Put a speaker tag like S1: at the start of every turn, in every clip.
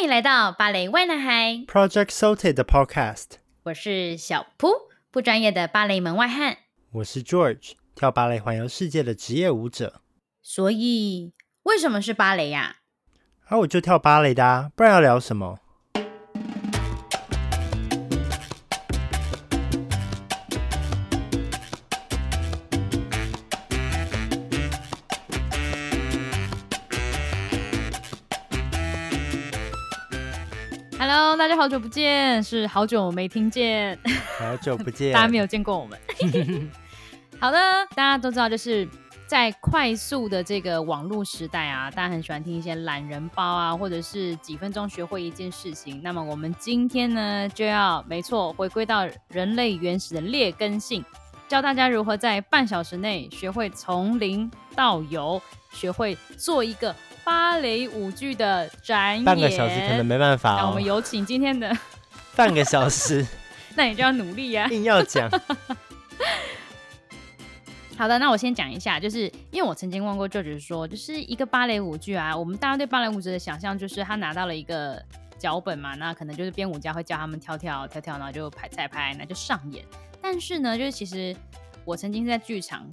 S1: 歡迎來到芭蕾 why 男孩
S2: Project Sauté 的 Podcast。
S1: 我是小蹼，不專業的芭蕾門外漢。
S2: 我是 George，跳芭蕾環遊世界的職業舞者。
S1: 所以，為什麼是芭蕾呀、啊？
S2: 而、啊、我就跳芭蕾的、啊，不然要聊什麼？
S1: 大家好久不見，是好久沒聽見，
S2: 好久不見， 大家沒有見過我們。
S1: 好的，大家都知道，就是在快速的這個網絡時代啊，大家很喜歡聽一些懶人包啊，或者是幾分鐘學會一件事情。那麼我們今天呢，就要沒錯，回歸到人類原始的劣根性，教大家如何在半小時內學會從零到有，學會做一個。芭蕾舞劇的展演，半個小時可能沒
S2: 辦法、哦啊、我們有
S1: 請今天的，
S2: 半個小時，
S1: 那你就要努力呀、啊，一定要講。 好的，那我先講一下，就是因為我曾經問過 George 說，就是一個芭蕾舞劇啊，我們大家對芭蕾舞者的想象就是他拿到了一個腳本嘛，那可能就是編舞家會教他們跳跳跳跳，然後就排彩排，然那就上演。但是呢，就是其實我曾經在劇場。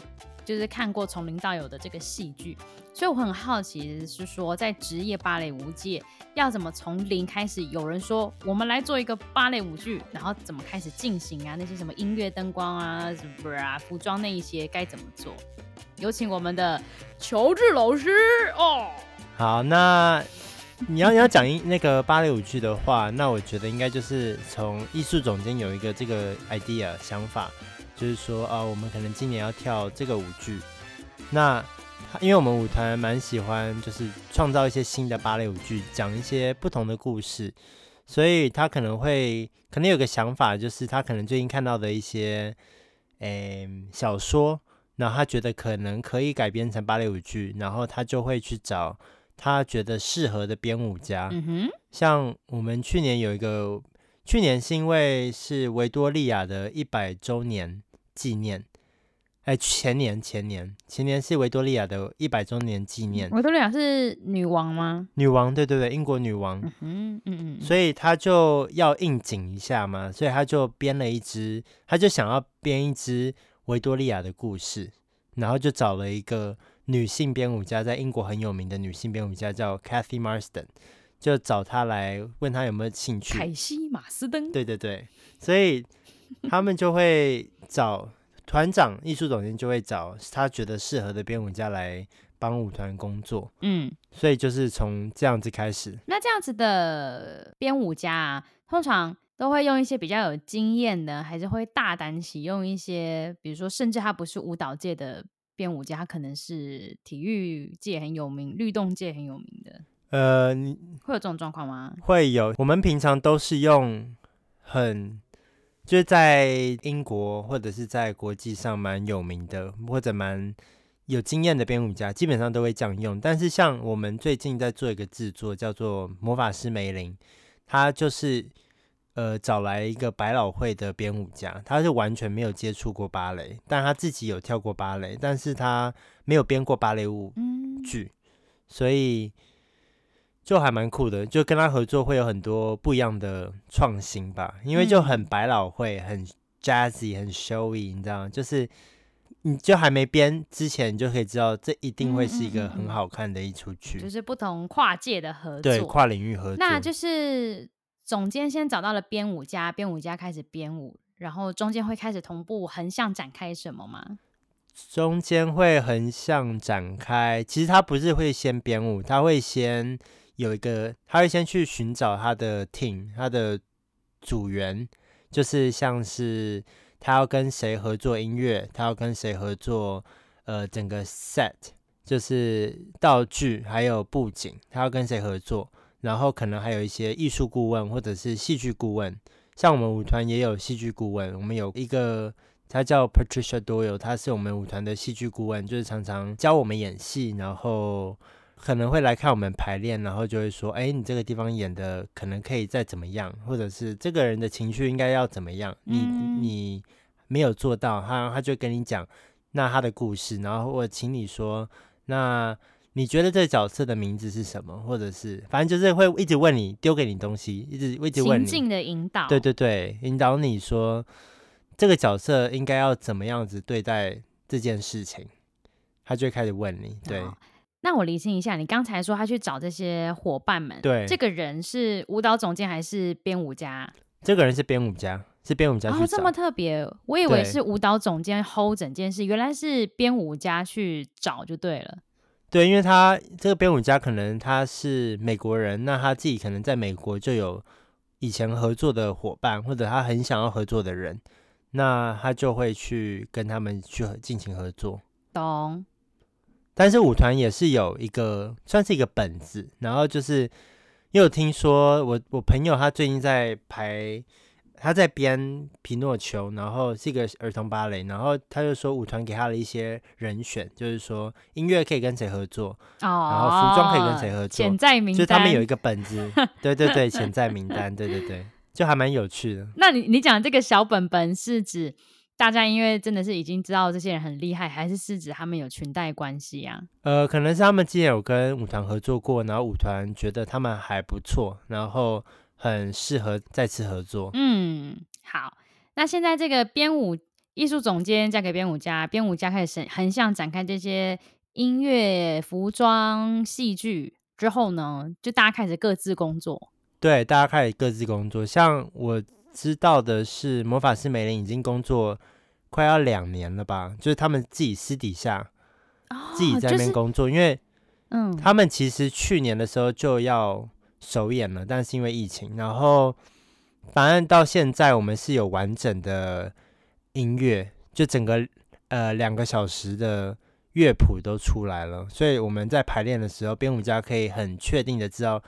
S1: 就是看過從零到有的這個戲劇，所以我很好奇，是說在職業芭蕾舞界要怎麼從零開始？有人說我們來做一個芭蕾舞劇，然後怎麼開始進行啊？那些什麼音樂、燈光啊什麼啊，服裝那一些該怎麼做？有請我們的喬治老師哦。
S2: 好，那你要 你要講那個芭蕾舞劇的話，那我覺得應該就是從藝術總監有一個這個 idea 想法。就是說啊、哦，我們可能今年要跳這個舞劇，那因為我們舞團蠻喜歡，就是創造一些新的芭蕾舞劇，講一些不同的故事，所以他可能會可能有個想法，就是他可能最近看到的一些，誒、欸、小說，然後他覺得可能可以改編成芭蕾舞劇，然後他就會去找他覺得適合的編舞家。嗯哼，像我們去年有一個，去年是因為是維多利亞的一百週年紀念，哎、欸，前年，前年，前年是維多利亞的一百周年紀念。維
S1: 多利亞是女王嗎？
S2: 女王，對對對，英國女王。嗯哼嗯嗯，所以她就要應景一下嘛，所以她就編了一支，她就想要編一支維多利亞的故事，然後就找了一個女性編舞家，在英國很有名的女性編舞家叫 Cathy Marston，就找她來問她有沒有興趣。凱
S1: 西·馬斯登。對
S2: 對對，所以。 他們就會找團長、藝術總監，就會找他覺得適合的編舞家來幫舞團工作。嗯，所以就是從這樣子開始。
S1: 那這樣子的編舞家啊，通常都會用一些比較有經驗的，還是會大膽啟用一些，比如說，甚至他不是舞蹈界的編舞家，他可能是體育界很有名、律動界很有名的。
S2: 呃，你
S1: 會有這種狀況嗎？
S2: 會有。我們平常都是用很。就是在英國或者是在國際上蠻有名的，或者蠻有經驗的編舞家，基本上都會這樣用。但是像我們最近在做一個製作，叫做《魔法師梅林》，他就是呃找來一個百老匯的編舞家，他是完全沒有接觸過芭蕾，但他自己有跳過芭蕾，但是他沒有編過芭蕾舞劇、嗯，所以。就還蠻酷的，就跟他合作會有很多不一樣的創新吧，因為就很百老匯、嗯、很 jazzy、很 showy，你知道嗎？就是你就還沒編之前，你就可以知道這一定會是一個很好看的一齣劇、嗯嗯嗯，就
S1: 是不同跨界的合作，對，跨
S2: 領域合作。那就
S1: 是總監先找到了編舞家，編舞家開始編舞，然後中間會開始同步橫向展開什麼嗎？
S2: 中間會橫向展開，其實他不是會先編舞，他會先。有一個，他會先去尋找他的 team，他的組員，就是像是他要跟誰合作音樂，他要跟誰合作，呃，整個 set 就是道具還有布景，他要跟誰合作，然後可能還有一些藝術顧問或者是戲劇顧問，像我們舞團也有戲劇顧問，我們有一個他叫 Patricia Doyle，他是我們舞團的戲劇顧問，就是常常教我們演戲，然後。可能會來看我們排練，然後就會說：“哎、欸，你這個地方演的可能可以再怎麼樣，或者是這個人的情緒應該要怎麼樣？你、嗯、你沒有做到，他他就跟你講那他的故事，然後我請你說，那你覺得這個角色的名字是什麼？或者是反正就是會一直問你，丟給你東西，一直一直問你。情境的引導，對對對，引導你說這個角色應該要怎麼樣子對待這件事情，他就會開始問你，對。哦”
S1: 那我理清一下，你剛才說他去找這些夥伴們，對，這個人是舞蹈總監還是編舞家？
S2: 這個人是編舞家，是編舞家去找，哦，這麼
S1: 特別，我以為是舞蹈總監 hold 整件事，對原來是編舞家去找就對了。
S2: 對，因為他這個編舞家可能他是美國人，那他自己可能在美國就有以前合作的夥伴，或者他很想要合作的人，那他就會去跟他們去進行合作。
S1: 懂。
S2: 但是舞團也是有一個，算是一個本子，然後就是，因為我聽說我我朋友他最近在排，他在編《皮諾丘》，然後是一個兒童芭蕾，然後他就說舞團給他了一些人選，就是說音樂可以跟誰合作，
S1: 哦、然後服裝可以跟誰合作，潛在名單，就他們有一
S2: 個本子， 對對對，潛在名單，對對對，就還蠻有趣的。
S1: 那你你講這個小本本是指？大家因為真的是已經知道這些人很厲害，還是是指他們有裙帶關係啊？
S2: 呃，可能是他們之前有跟舞團合作過，然後舞團覺得他們還不錯，然後很適合再次合作。
S1: 嗯，好。那現在這個編舞藝術總監嫁給編舞家，編舞家開始橫向展開這些音樂、服裝、戲劇之後呢，就大家開始各自工作。
S2: 對，大家開始各自工作，像我。知道的是，魔法師梅林已經工作快要兩年了吧？就是他們自己私底下、
S1: 哦、自己在那邊工
S2: 作，就是，因為嗯，他們其實去年的時候就要首演了，嗯，但是因為疫情，然後反正到現在我們是有完整的音樂，就整個呃兩個小時的樂譜都出來了，所以我們在排練的時候，編舞家可以很確定的知道，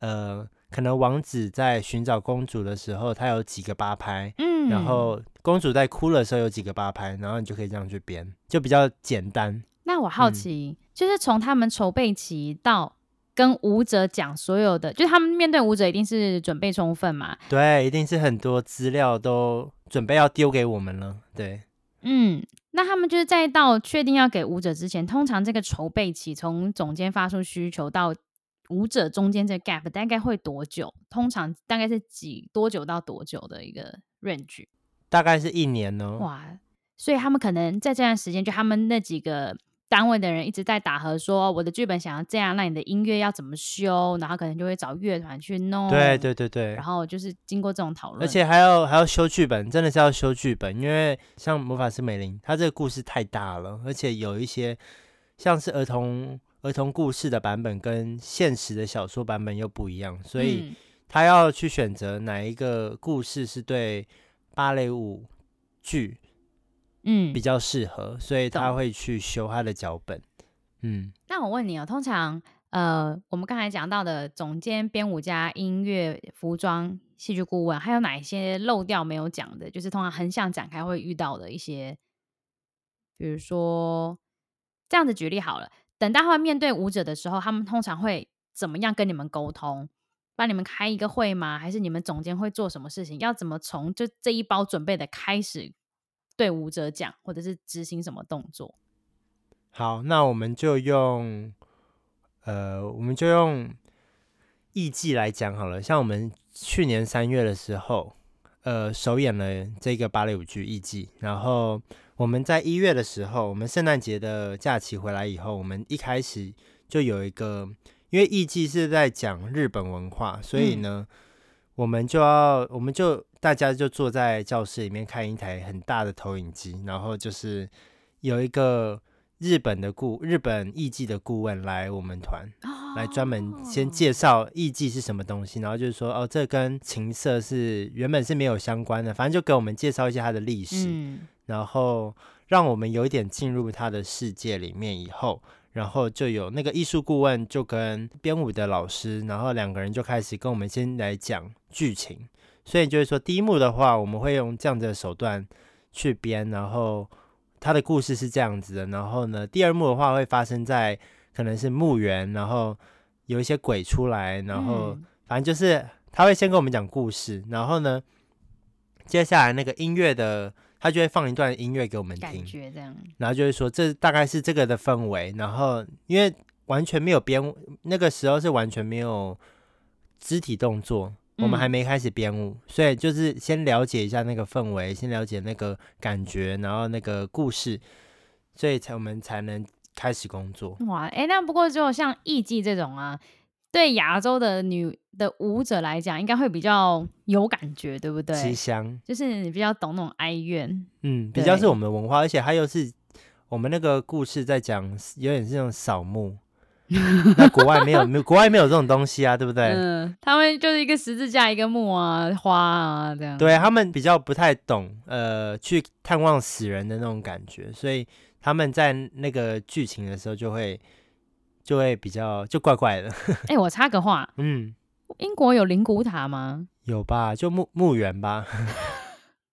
S2: 呃。可能王子在尋找公主的時候，他有幾個八拍，嗯，然後公主在哭的時候有幾個八拍，然後你就可以這樣去編，就比較簡單。
S1: 那我好奇，嗯、就是從他們籌備期到跟舞者講所有的，就是他們面對舞者一定是準備充分嘛？
S2: 對，一定是很多資料都準備要丟給我們了。對，嗯，
S1: 那他們就是再到確定要給舞者之前，通常這個籌備期從總監發出需求到。舞者中間這 gap 大概會多久？通常大概是幾多久到多久的一個 range？
S2: 大概是一年哦。哇，
S1: 所以他們可能在這段時間，就他們那幾個單位的人一直在打和，說我的劇本想要這樣，那你的音樂要怎麼修？然後可能就會找樂團去弄。對對對對。對對對，然後就是經過這種討論，而且
S2: 還要還要修劇本，真的是要修劇本，因為像魔法師梅林他這個故事太大了，而且有一些像是兒童。兒童故事的版本跟現實的小說版本又不一樣，所以他要去選擇哪一個故事是對芭蕾舞劇，嗯，比較適合，所以他會去修他的腳本。懂。嗯，
S1: 那我問你哦，通常呃，我們剛才講到的總監、編舞家、音樂、服裝、戲劇顧問，還有哪一些漏掉沒有講的？就是通常橫向展開會遇到的一些，比如說這樣子舉例好了。等待會面對舞者的時候，他們通常會怎麼樣跟你們溝通？幫你們開一個會嗎？還是你們總監會做什麼事情？要怎麼從就這一包準備的開始對舞者講，或者是執行什麼動作？
S2: 好，那我們就用，呃，我們就用《易記》來講好了。像我們去年三月的時候，呃，首演了這個芭蕾舞劇《易記》然後。我們在一月的時候，我們聖誕節的假期回來以後，我們一開始就有一個，因為藝伎是在講日本文化，所以呢，嗯、我們就要，我們就大家就坐在教室裡面看一台很大的投影機，然後就是有一個日本的顧，日本藝伎的顧問來我們團，來專門先介紹藝伎是什麼東西，然後就是說，哦，這跟情色是原本是沒有相關的，反正就給我們介紹一下它的歷史。嗯然後讓我們有一點進入他的世界裡面以後，然後就有那個藝術顧問就跟編舞的老師，然後兩個人就開始跟我們先來講劇情。所以就是說，第一幕的話，我們會用這樣子的手段去編，然後他的故事是這樣子的。然後呢，第二幕的話會發生在可能是墓園，然後有一些鬼出來，然後反正就是他會先跟我們講故事，然後呢，接下來那個音樂的。他就會放一段音樂給我們聽，
S1: 感覺這樣，
S2: 然後就會說這大概是這個的氛圍。然後因為完全沒有編，那個時候是完全沒有肢體動作，嗯、我們還沒開始編舞，所以就是先了解一下那個氛圍，先了解那個感覺，然後那個故事，所以才我們才能開始工作。
S1: 哇，哎、欸，那不過只有像藝伎這種啊。對亞洲的女的舞者來講，應該會比較有感覺，對不對？吉祥就是你比較懂那種哀怨，
S2: 嗯，比較是我們的文化，對而且它又是我們那個故事在講，有點是那種掃墓。
S1: 那國外沒有，
S2: 沒有，國外沒有這種東西啊，對不對？嗯，
S1: 他們就是一個十字架，一個墓啊，花啊這樣。對
S2: 他們比較不太懂，呃，去探望死人的那種感覺，所以他們在那個劇情的時候就會。就會比較就怪怪的。哎 、
S1: 欸，我插個話，嗯，英國有靈骨塔嗎？
S2: 有吧，就墓墓園吧。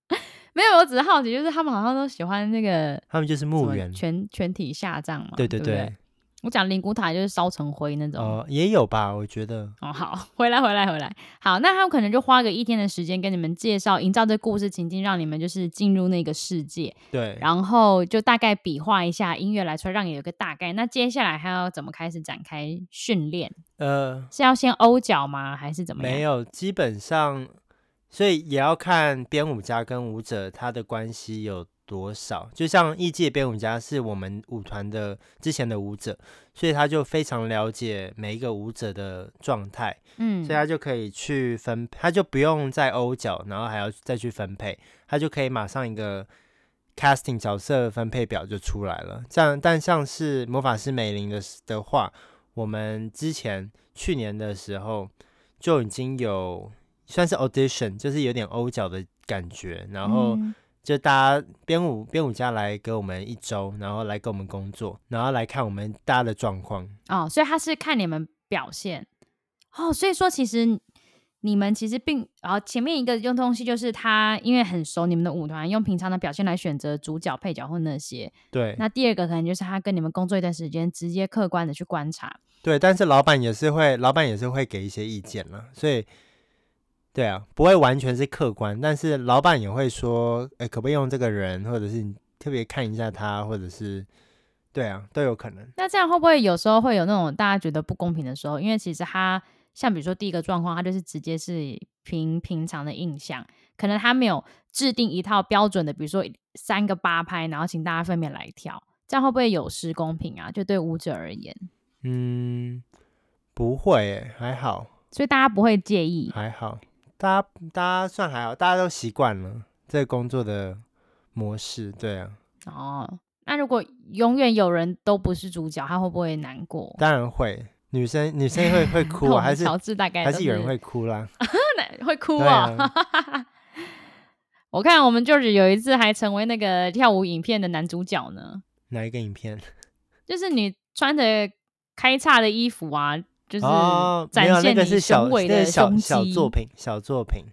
S1: 沒有，我只是好奇，就是他們好像都喜歡那個。
S2: 他們就是墓園，全
S1: 全體下葬嘛。對對對。對不對？我講靈骨塔就是燒成灰那種，
S2: 哦、也有吧？我覺得
S1: 哦，好，回來，回來，回來。好，那他可能就花個一天的時間跟你們介紹，營造這故事情境，讓你們就是進入那個世界。對，然後就大概比劃一下，音樂來出來，讓你有個大概。那接下來還要怎麼開始展開訓練？
S2: 呃，
S1: 是要先歐腳嗎？還是怎麼樣？沒
S2: 有，基本上，所以也要看編舞家跟舞者他的關係有。多少？就像異界編舞家是我們舞團的之前的舞者，所以他就非常了解每一個舞者的狀態，嗯，所以他就可以去分配，他就不用再歐角，然後還要再去分配，他就可以馬上一個 casting 角色分配表就出來了。像但像是魔法師梅林的的話，我們之前去年的時候就已經有算是 audition，就是有點歐角的感覺，然後。嗯就大家編舞編舞家來給我們一周，然後來給我們工作，然後來看我們大家的狀況
S1: 哦。所以他是看你們表現哦，所以說其實你們其實並然後、哦、前面一個用東西就是他因為很熟你們的舞團，用平常的表現來選擇主角、配角或那些，對。那第二個可能就是他跟你們工作一段時間，直接客觀的去觀察。
S2: 對，但是老板也是會，老板也是會給一些意見了，所以。對啊，不會完全是客觀，但是老板也會說，哎、欸，可不可以用這個人，或者是你特別看一下他，或者是對啊，都有可能。
S1: 那這樣會不會有時候會有那種大家覺得不公平的時候？因為其實他像比如說第一個狀況，他就是直接是憑平常的印象，可能他沒有制定一套標準的，比如說三個八拍，然後請大家分別來跳，這樣會不會有失公平啊？就對舞者而言，嗯，
S2: 不會，還好，
S1: 所以大家不會介意，
S2: 還好。大家，大家算還好，大家都習慣了這個工作的模式，對啊。哦，
S1: 那如果永遠有人都不是主角，他會不會難過？
S2: 當然會，女生女生會 會哭、啊，還是喬治大概是，還是有人會哭啦、
S1: 啊， 會哭啊。啊 我看我們就是有一次還成為那個跳舞影片的男主角呢。
S2: 哪一個影片？
S1: 就是你穿着開叉的衣服啊。就是展現你雄偉的那個是小小，小作
S2: 品，小作品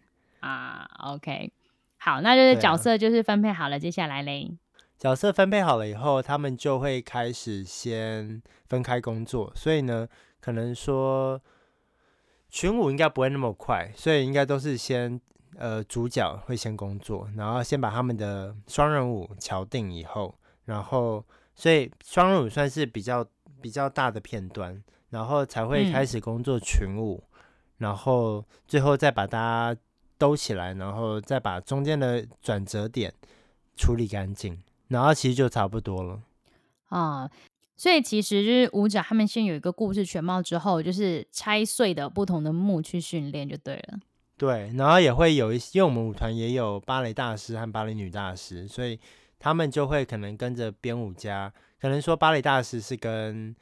S1: 啊。Uh, OK，好，那就是角色、啊、就是分配好了，接下來嘞。
S2: 角色分配好了以後，他們就會開始先分開工作。所以呢，可能說群舞應該不會那麼快，所以應該都是先呃主角會先工作，然後先把他們的雙人舞敲定以後，然後所以雙人舞算是比較比較大的片段。然後才會開始工作群舞，嗯、然後最後再把它兜起來，然後再把中間的轉折點處理乾淨，然後其實就差不多
S1: 了。啊，所以其實就是舞者他們先有一個故事全貌之後，就是拆碎的不同的幕去訓練就對了。
S2: 對，然後也會有一些，因為我們舞團也有芭蕾大師和芭蕾女大師，所以他們就會可能跟着編舞家，可能說芭蕾大師是跟。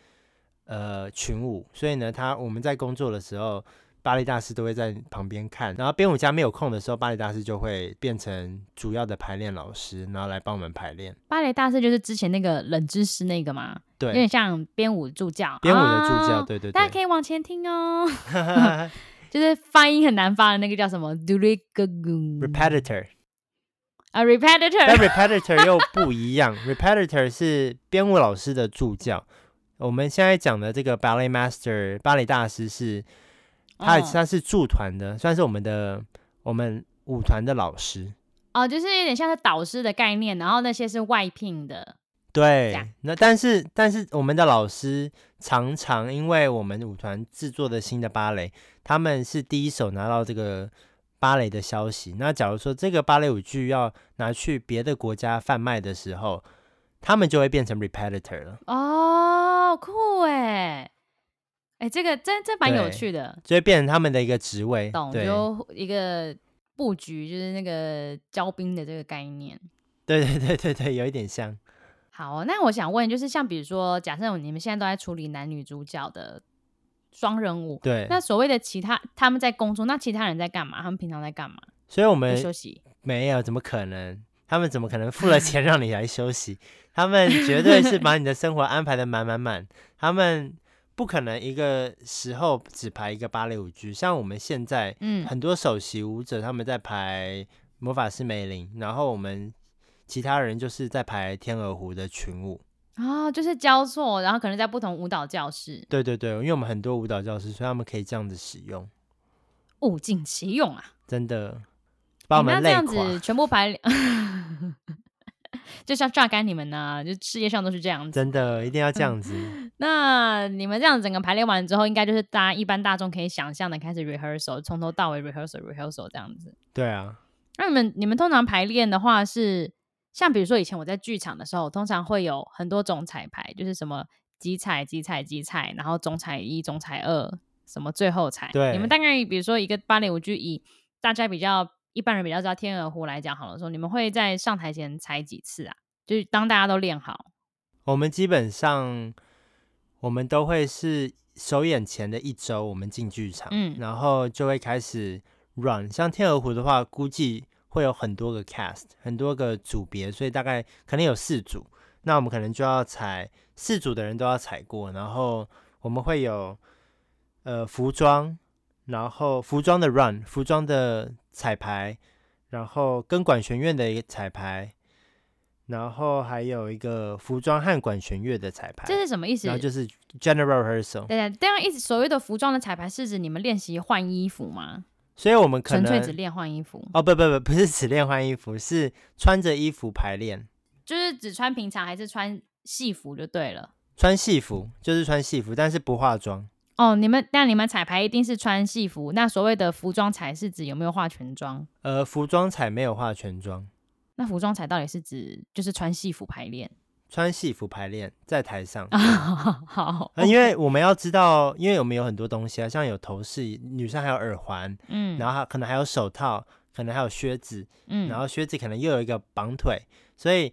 S2: 呃，群舞，所以呢，他我們在工作的時候，芭蕾大師都會在旁邊看。然後編舞家沒有空的時候，芭蕾大師就會變成主要的排練老師，然後來幫我們排練。
S1: 芭蕾大師就是之前那個冷知識那個嘛，對，有點像編舞助教。編舞的助教，oh, 對,對對對，大家可以往前聽哦。 就是發音很難發的那個叫什麼？Repetitor d。啊，Repetitor，但
S2: Repetitor 又不一樣 ，Repetitor 是編舞老師的助教。我們現在講的這個 ballet master 芭蕾大師是，
S1: 他、哦、他是
S2: 駐團的，算是我們的我們舞團的老師。
S1: 哦，就是有點像是導師的概念，然後那些是外聘的。
S2: 對，樣那但是但是我們的老師常常因為我們舞團製作的新的芭蕾，他們是第一手拿到這個芭蕾的消息。那假如說這個芭蕾舞劇要拿去別的國家販賣的時候，他們就會變成 repetitor 了，哦，酷
S1: 哎、oh, cool，哎、欸，這個真真蠻有趣的，
S2: 就會變成他們的一個職位，懂對就一
S1: 個布局，就是那個交兵的這個概念。
S2: 對對對對對，有一點像。
S1: 好，那我想問，就是像比如說，假設你們現在都在處理男女主角的雙人舞，對，那所謂的其他他們在工作，那其他人在幹嘛？他們平常在幹嘛？
S2: 所以我們休息？沒有，怎麼可能？他們怎麼可能付了錢讓你來休息？ 他們絕對是把你的生活安排的滿滿滿。 他們不可能一個時候只排一個芭蕾舞劇，像我們現在，嗯，很多首席舞者他們在排《魔法師梅林》，然後我們其他人就是在排《天鵝湖》的群舞。
S1: 啊、哦，就是交錯，然後可能在不同舞蹈教室。
S2: 對對對，因為我們很多舞蹈教室，所以他們可以這樣子使用，
S1: 物盡其用啊！
S2: 真的，把我們累垮，那這
S1: 樣子全部排。 就是要榨乾你們呢，就世界上都是這樣子，真
S2: 的一定要這樣子。
S1: 那你們這樣整個排練完之後，應該就是大家一般大眾可以想象的，開始 rehearsal，從頭到尾 rehearsal，rehearsal 這樣子。對啊。那你們你們通常排練的話是，像比如說以前我在劇場的時候，通常會有很多種彩排，就是什麼集彩集彩集彩，然後總彩一、總彩二，什麼最後彩。對。你們大概比如說一個芭蕾舞劇以大家比較。一般人比較知道《天鵝湖》來講，好了說，你們會在上台前踩幾次啊？就是當大家都練好，
S2: 我們基本上我們都會是首演前的一周，我們進劇場，嗯，然後就會開始 run。像《天鵝湖》的話，估計會有很多個 cast，很多個組別，所以大概可能有四組，那我們可能就要踩四組的人都要踩過，然後我們會有呃服裝，然後服裝的 run，服裝的。彩排，然後跟管弦樂的一個彩排，然後還有一個服裝和管弦樂的彩排。這是
S1: 什麼意思？然後就是
S2: general rehearsal。對，
S1: 對對，這樣所謂的服裝的彩排是指你們練習換衣服嗎？
S2: 所以我們可能純粹只練換衣服哦？不不不，不是只練換衣服，是穿着衣服排練。
S1: 就是只穿平常還是穿戲服就對了？
S2: 穿戲服就是穿戲服，但是不化妝。
S1: 哦，你們但你們彩排一定是穿戲服？那所謂的服裝彩是指有沒有化全妝？
S2: 呃，服裝彩沒有化全妝。
S1: 那服裝彩到底是指就是穿戲服排練？
S2: 穿戲服排練在台上。
S1: 啊，好，因為
S2: 我們要知道，因為我們有很多東西啊，像有頭飾，女生還有耳環，嗯，然後可能還有手套，可能還有靴子，嗯，然後靴子可能又有一個綁腿，所以。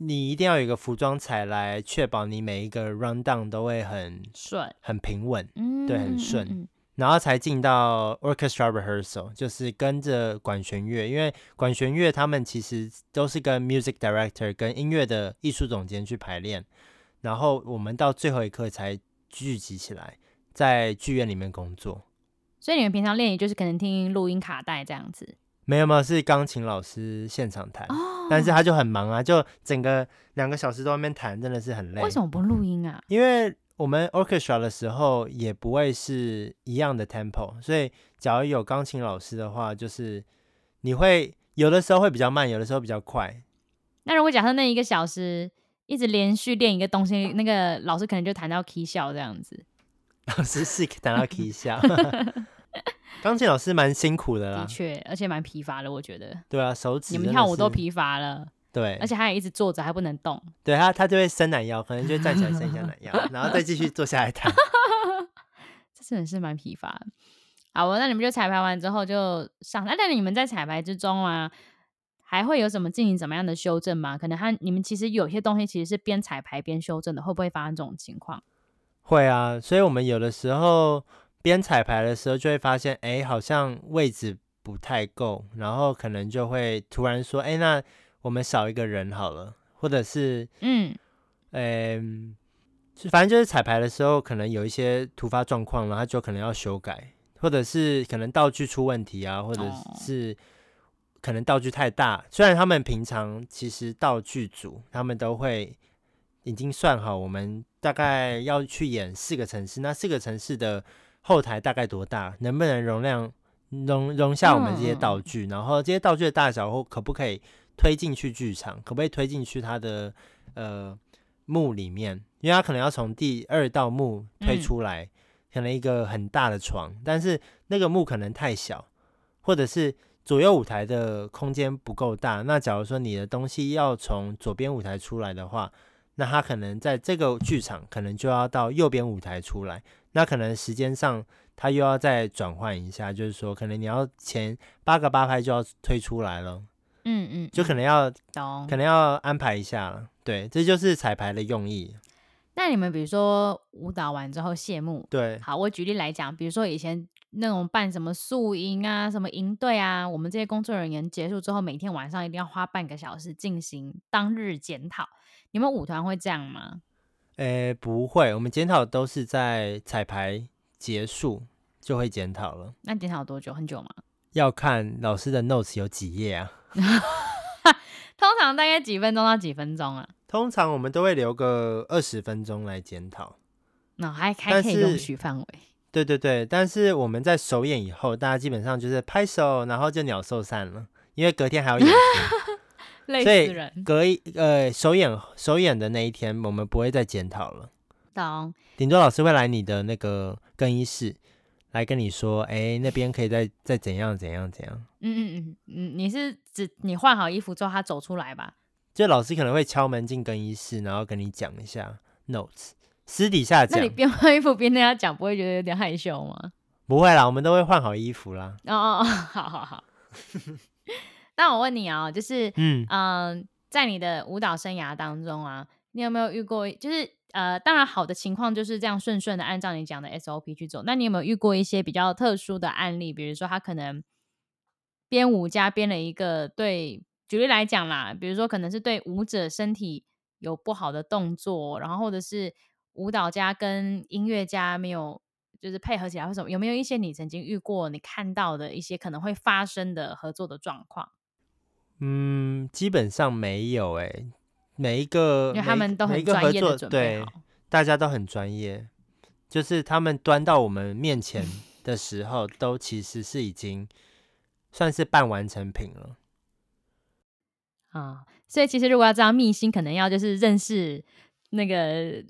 S2: 你一定要有一個服裝彩來確保你每一個 run down 都會很順、順很平穩，嗯、對，很順，嗯嗯嗯、然後才進到 orchestra rehearsal，就是跟着管弦樂，因為管弦樂他們其實都是跟 music director、跟音樂的藝術總監去排練，然後我們到最後一刻才聚集起來在劇院裡面工作。
S1: 所以你們平常練，也就是可能聽錄音卡帶這樣子。
S2: 沒有沒有，是鋼琴老師現場彈，oh, 但是他就很忙啊，就整個兩個小時都在外面彈，真的是很累。為什麼
S1: 不錄音啊？
S2: 因為我們 orchestra 的時候也不會是一樣的 tempo，所以假如有鋼琴老師的話，就是你會有的時候會比較慢，有的時候比較快。
S1: 那如果假設那一個小時一直連續練一個東西，那個老師可能就彈到 key 笑這樣子。
S2: 老師是彈到 key 笑。 鋼琴老師蠻辛苦的啦，的確，
S1: 而且蠻疲乏的。我覺得，對啊，手指你們跳舞都疲乏了，對，而且他也一直坐着，還不能動。
S2: 對他，他就會伸懶腰，可能就會站起來伸一下懶腰， 然後再繼續坐下來躺。
S1: 這真的是蠻疲乏的。好，那你們就彩排完之後就上。那你們在彩排之中啊，還會有什麼進行什麼樣的修正嗎？可能他你們其實有些東西其實是邊彩排邊修正的，會不會發生這種情況？
S2: 會啊，所以我們有的時候。邊彩排的時候就會發現，哎、欸，好像位置不太夠，然後可能就會突然說，哎、欸，那我們少一個人好了，或者是，嗯，嗯、欸，就，反正就是彩排的時候可能有一些突發狀況，然後他就可能要修改，或者是可能道具出問題啊，或者是可能道具太大。雖然他們平常其實道具組他們都會已經算好，我們大概要去演四個城市，那四個城市的。後台大概多大？能不能容量容容下我們這些道具？Oh. 然後這些道具的大小，或可不可以推進去劇場？可不可以推進去它的呃幕裡面？因為他可能要從第二道幕推出來，嗯、可能一個很大的床，但是那個幕可能太小，或者是左右舞台的空間不夠大。那假如說你的東西要從左邊舞台出來的話，那他可能在這個劇場，可能就要到右邊舞台出來。那可能時間上，他又要再轉換一下，就是說，可能你要前八個八拍就要退出來了，嗯嗯，
S1: 就可能要懂，可能
S2: 要安排一下了、嗯。嗯、對，這就是彩排的用意。
S1: 那你們比如說舞蹈完之後謝幕，對，好，我舉例來講，比如說以前那種辦什麼宿營啊、什麼營隊啊，我們這些工作人員結束之後，每天晚上一定要花半個小時進行當日檢討。你們舞團會這樣嗎？
S2: 誒、欸，不會，我們檢討都是在彩排結束就會檢討了。
S1: 那檢討多久？很久嗎？
S2: 要看老師的 notes 有幾頁啊。
S1: 通常大概幾分鐘到幾分鐘啊？
S2: 通常我們都會留個二十分鐘來檢討。
S1: 那、哦、還還可以容許範圍。
S2: 對對對，但是我們在首演以後，大家基本上就是拍手，然後就鳥獸散了，因為隔天還要演出
S1: 累死人！所以隔
S2: 一呃首演，首演的那一天，我們不會再檢討了。懂當。頂多老師會來你的那個更衣室，來跟你說：“哎、欸，那邊可以再再怎樣怎樣怎樣。嗯”
S1: 嗯嗯嗯嗯，你是指你換好衣服之後，他走出來吧？
S2: 就老師可能會敲門進更衣室，然後跟你講一下 notes，私底下講。那你
S1: 邊換衣服邊跟他講，不會覺得有點害羞嗎？
S2: 不會啦，我們都會換好衣服啦。
S1: 哦哦哦，好好好。 那我問你啊，就是嗯嗯、呃，在你的舞蹈生涯當中啊，你有沒有遇過？就是呃，當然好的情況就是這樣順順的按照你講的 SOP 去走。那你有沒有遇過一些比較特殊的案例？比如說他可能編舞家編了一個對，舉例來講啦，比如說可能是對舞者身體有不好的動作，然後或者是舞蹈家跟音樂家沒有就是配合起來，或者什麼，有沒有一些你曾經遇過你看到的一些可能會發生的合作的狀況？
S2: 嗯，基本上沒有誒，每一個，因為他們每合作都很專業，對，大家都很專業，就是他們端到我們面前的時候， 都其實是已經算是半完成品了。
S1: 啊、哦，所以其實如果要知道秘辛，可能要就是認識。那個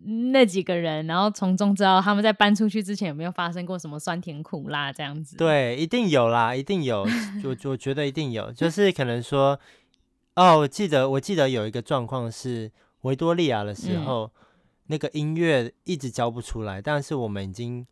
S1: 那幾個人，然後從中知道他們在搬出去之前有沒有發生過什麼酸甜苦辣這樣子？
S2: 對，一定有啦，一定有。 我我覺得一定有，就是可能說，哦，我記得我記得有一個狀況是維多利亞的時候，嗯、那個音樂一直交不出來，但是我們已經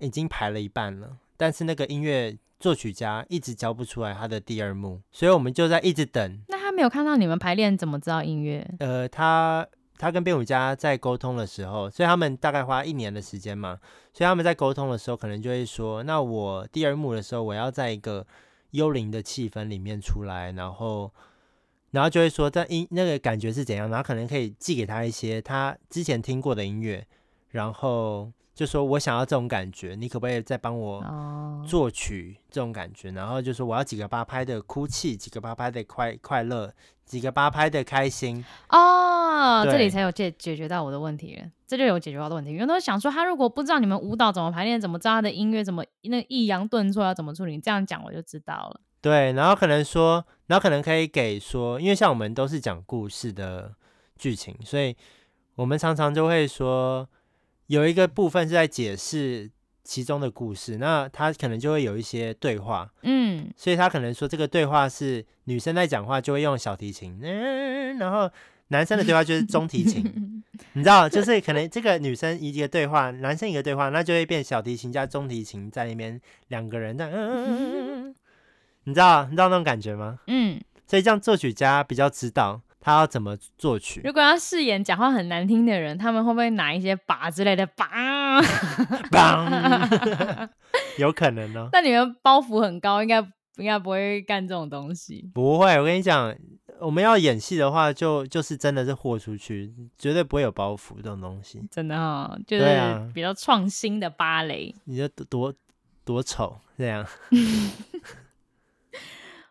S2: 已經排了一半了，但是那個音樂作曲家一直交不出來他的第二幕，所以我們就在一直等。
S1: 那他沒有看到你們排練，怎麼知道音樂？
S2: 呃，他。他跟編舞家在溝通的時候，所以他們大概花一年的時間嘛。所以他們在溝通的時候，可能就會說：“那我第二幕的時候，我要在一個幽靈的氣氛裡面出來，然後，然後就會說，但音那個感覺是怎樣？然後可能可以寄給他一些他之前聽過的音樂，然後就說：我想要這種感覺，你可不可以再幫我作曲這種感覺？然後就說：我要幾個八拍的哭泣，幾個八拍的快快樂。”幾個八拍的開心
S1: 啊，哦、對這裡才有解解決到我的問題了，這就有解決到我的問題。因為都想說，他如果不知道你們舞蹈怎麼排練，怎麼抓的音樂，怎麼那抑揚頓挫要怎麼處理，你這樣講我就知道了。
S2: 對，然後可能說，然後可能可以給說，因為像我們都是講故事的劇情，所以我們常常就會說，有一個部分是在解釋其中的故事，那他可能就會有一些對話，嗯，所以他可能說，這個對話是女生在講話，就會用小提琴，嗯，然後男生的對話就是中提琴， 你知道，就是可能這個女生一個對話，男生一個對話，那就會變小提琴加中提琴在裡面。兩個人的嗯嗯嗯嗯，嗯你知道，你知道那種感覺嗎？嗯，所以這樣作曲家比較知道。他要怎麼作曲？如
S1: 果要飾演講話很難聽的人，他們會不會拿一些把之類的？把
S2: 有可能哦。但
S1: 你們包袱很高，應該應該不會幹這種東西。
S2: 不會，我跟你講，我們要演戲的話就，就就是真的是豁出去，絕對不會有包袱這種東西。
S1: 真的啊、哦，就是比較創新的芭蕾，
S2: 啊、你就多多醜這樣。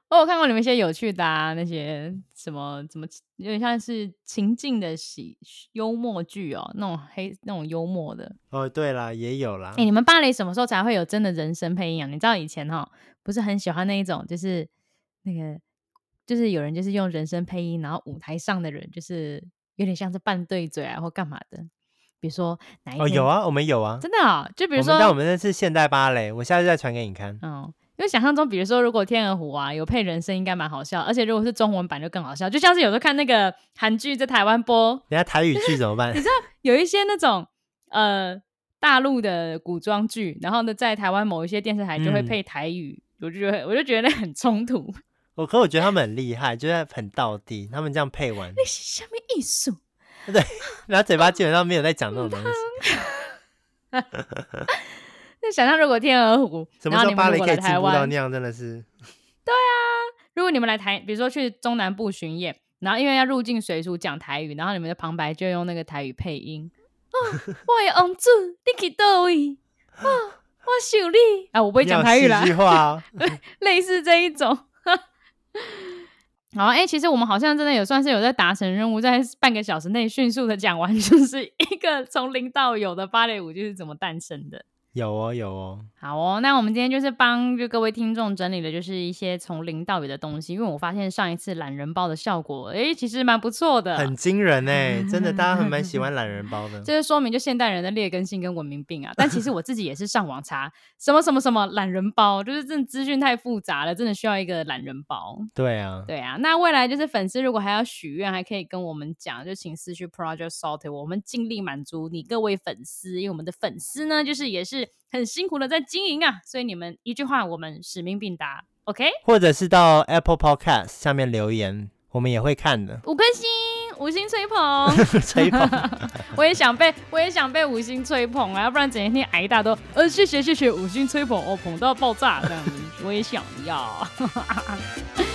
S1: 哦，我看過你們一些有趣的啊，那些什麼什麼有點像是情境的喜幽默劇哦，那種黑那種幽默的
S2: 哦。對啦，也有啦、欸。你們
S1: 芭蕾什麼時候才會有真的人聲配音啊？你知道以前哈不是很喜歡那一種，就是那個就是有人就是用人聲配音，然後舞台上的人就是有點像是半對嘴啊或幹嘛的，比如說哪一種。哦有啊，
S2: 我們有啊。真的
S1: 啊、哦，就比如說那我，我們
S2: 那是現代芭蕾，我下次再傳給你看。嗯。
S1: 因為想象中，比如說，如果天，啊《天鵝湖》啊有配人聲，應該蠻好笑。而且如果是中文版就更好笑，就像是有時候看那個韓劇在台灣播，人
S2: 家台語劇怎麼辦？就是，
S1: 你知道有一些那種呃大陸的古裝劇，然後呢在台灣某一些電視台就會配台語，我就覺得我就覺得很衝突。
S2: 我可我覺得他們很厲害， 就是很道地，他們這樣配完，
S1: 那是什麼藝術。
S2: 對，然後嘴巴基本上沒有在講那種東西，嗯嗯嗯啊
S1: 就想象如果天鵝湖，麼?芭蕾，然後你們如果來台灣，
S2: 真的是。對
S1: 啊，如果你們來台，比如說去中南部巡演，然後因為要入境隨俗講台語，然後你們的旁白就用那個台語配音。啊、 哦，我也昂住，你給到位啊，我秀麗啊，我不會講台語啦。哦、 類似這一種。 好，哎、欸，其實我們好像真的也算是有在達成任務，在半個小時內迅速的講完，就是一個從零到有的芭蕾舞就是怎麼誕生的。有哦，有哦，好哦，那我們今天就是幫就各位聽眾整理的，就是一些從零到有的東西。因為我發現上一次懶人包的效果，哎，其實蠻不錯的，很
S2: 驚人哎， 真的，大家還蠻喜歡懶人包的。這
S1: 就說明就現代人的劣根性跟文明病啊。但其實我自己也是上網查 什麼什麼什麼懶人包，就是真的資訊太複雜了，真的需要一個懶人包。
S2: 對啊，對
S1: 啊。那未來就是粉絲如果還要許願，還可以跟我們講，就請私訊 Project Sauté，我們盡力滿足你各位粉絲，因為我們的粉絲呢，就是也是。很辛苦的在經營啊，所以你們一句話，我們使命必達，OK？
S2: 或者是到 Apple Podcast 下面留言，我們也會看的。
S1: 五顆星，五星吹捧， 吹捧， 我也想被，我也想被五星吹捧啊，要不然整天挨一大堆，呃，謝謝謝謝五星吹捧，哦，捧到爆炸這樣， 我也想要。